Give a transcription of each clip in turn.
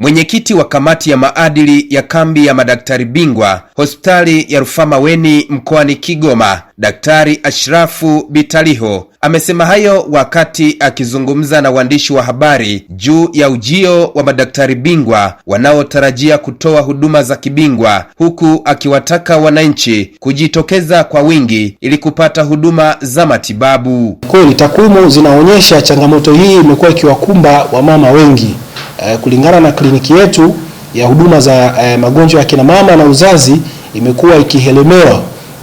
Mwenyekiti wa kamati ya maadili ya kambi ya madaktari bingwa hospitali ya rufaa Maweni mkoani Kigoma, Daktari Ashrafu Bitaliho amesema hayo wakati akizungumza na waandishi wa habari juu ya ujio wa madaktari bingwa wanaotarajia kutoa huduma za kibingwa, huku akiwataka wananchi kujitokeza kwa wingi ili kupata huduma za matibabu. Kweli takwimu zinaonyesha changamoto hii imekuwa ikiwakumba wamama wengi Eh, kulingana na kliniki yetu ya huduma za eh, magonjwa ya kina mama na uzazi imekuwa ikihelemewa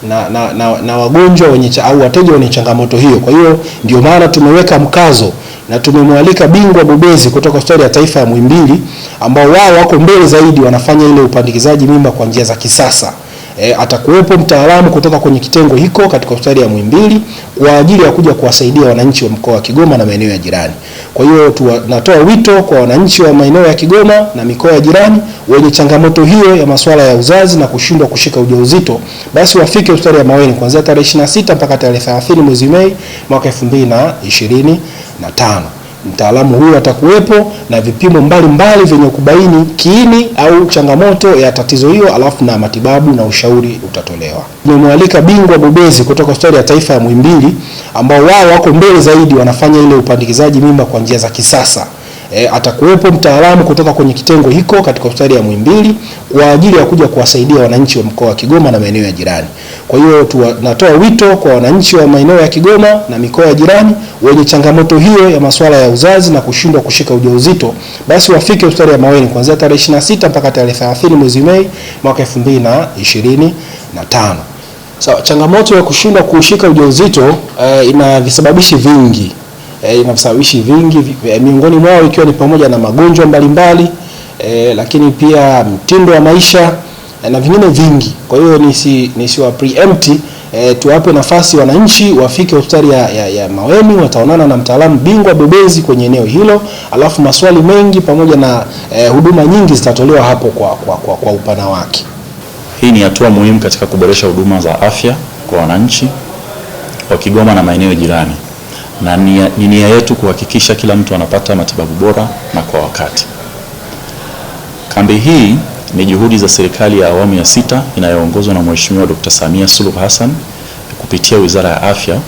na, na, na, na wagonjwa wenye au wateja wenye changamoto hiyo. Kwa hiyo ndio maana tumeweka mkazo na tumemwalika bingwa bobezi kutoka hospitali ya taifa ya Muhimbili ambao wao wako mbele zaidi, wanafanya ile upandikizaji mimba kwa njia za kisasa. E, atakuwepo mtaalamu kutoka kwenye kitengo hiko katika hospitali ya Muhimbili kwa ajili ya kuja kuwasaidia wananchi wa mkoa wa Kigoma na maeneo ya jirani. Kwa hiyo tunatoa wito kwa wananchi wa maeneo ya Kigoma na mikoa ya jirani wenye changamoto hiyo ya masuala ya uzazi na kushindwa kushika ujauzito, basi wafike hospitali ya Maweni kuanzia tarehe 26 mpaka tarehe 30 mwezi Mei mwaka 2025. Mtaalamu huyo atakuwepo na vipimo mbalimbali vyenye kubaini kiini au changamoto ya tatizo hiyo, alafu na matibabu na ushauri utatolewa. Nimemwalika bingwa bobezi kutoka hospitali ya taifa ya Muhimbili ambao wao wako mbele zaidi, wanafanya ile upandikizaji mimba kwa njia za kisasa. E, atakuwepo mtaalamu kutoka kwenye kitengo hiko katika hospitali ya Muhimbili kwa ajili ya kuja kuwasaidia wananchi wa mkoa wa Kigoma na maeneo ya jirani. Kwa hiyo tunatoa wito kwa wananchi wa maeneo ya Kigoma na mikoa ya jirani wenye changamoto hiyo ya masuala ya uzazi na kushindwa kushika ujauzito, basi wafike hospitali ya Maweni kuanzia tarehe 26 mpaka tarehe 30 mwezi Mei mwaka 2025. Sawa, so, changamoto ya kushindwa kushika ujauzito uh, ina visababishi vingi e, ina visababishi vingi e, miongoni mwao ikiwa ni pamoja na magonjwa mbalimbali e, lakini pia mtindo wa maisha e, na vingine vingi. Kwa hiyo nisi nisiwa preempt e, tuwape nafasi wananchi wafike hospitali ya, ya, ya Maweni, wataonana na mtaalamu bingwa bobezi kwenye eneo hilo, alafu maswali mengi pamoja na e, huduma nyingi zitatolewa hapo kwa, kwa, kwa, kwa upana wake. Hii ni hatua muhimu katika kuboresha huduma za afya kwa wananchi wa Kigoma na maeneo jirani na ni nia yetu kuhakikisha kila mtu anapata matibabu bora na kwa wakati. Kambi hii ni juhudi za serikali ya awamu ya sita inayoongozwa na Mheshimiwa Dr. Samia Suluhu Hassan kupitia Wizara ya Afya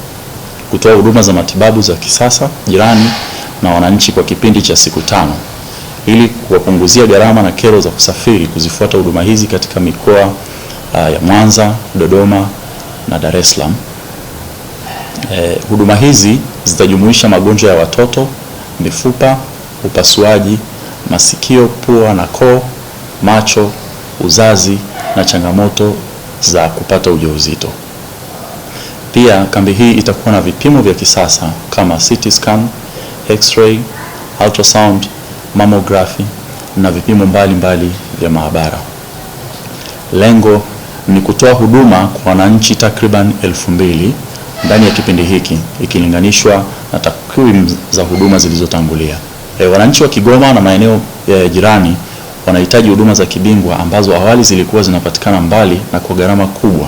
kutoa huduma za matibabu za kisasa jirani na wananchi kwa kipindi cha siku tano ili kuwapunguzia gharama na kero za kusafiri kuzifuata huduma hizi katika mikoa ah, ya Mwanza, Dodoma na Dar es Salaam. Eh, huduma hizi zitajumuisha magonjwa ya watoto, mifupa, upasuaji, masikio, pua na koo, macho, uzazi na changamoto za kupata ujauzito. Pia kambi hii itakuwa na vipimo vya kisasa kama CT scan, X-ray, ultrasound, mammography na vipimo mbalimbali mbali vya maabara. Lengo ni kutoa huduma kwa wananchi takriban elfu mbili ndani ya kipindi hiki ikilinganishwa na takwimu za huduma zilizotangulia. E, wananchi wa Kigoma na maeneo e, jirani wanahitaji huduma za kibingwa ambazo awali zilikuwa zinapatikana mbali na kwa gharama kubwa,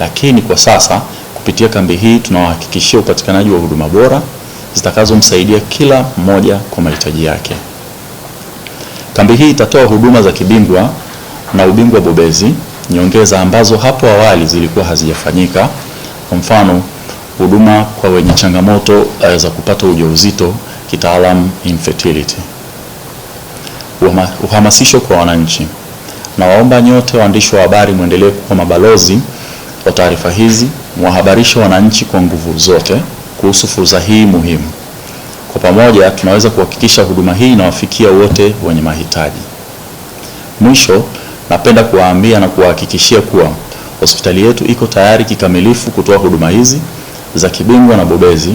lakini kwa sasa kupitia kambi hii tunawahakikishia upatikanaji wa huduma bora zitakazomsaidia kila mmoja kwa mahitaji yake. Kambi hii itatoa huduma za kibingwa na ubingwa bobezi nyongeza ambazo hapo awali zilikuwa hazijafanyika. Kwa mfano huduma kwa wenye changamoto eh, za kupata ujauzito kitaalam infertility. Uhamasisho kwa wananchi, na waomba nyote waandishi wa habari mwendelee kuwa mabalozi wa taarifa hizi, mwahabarishe wananchi kwa nguvu zote kuhusu fursa hii muhimu. Kwa pamoja tunaweza kuhakikisha huduma hii inawafikia wote wenye mahitaji. Mwisho, napenda kuwaambia na kuwahakikishia kuwa Hospitali yetu iko tayari kikamilifu kutoa huduma hizi za kibingwa na bobezi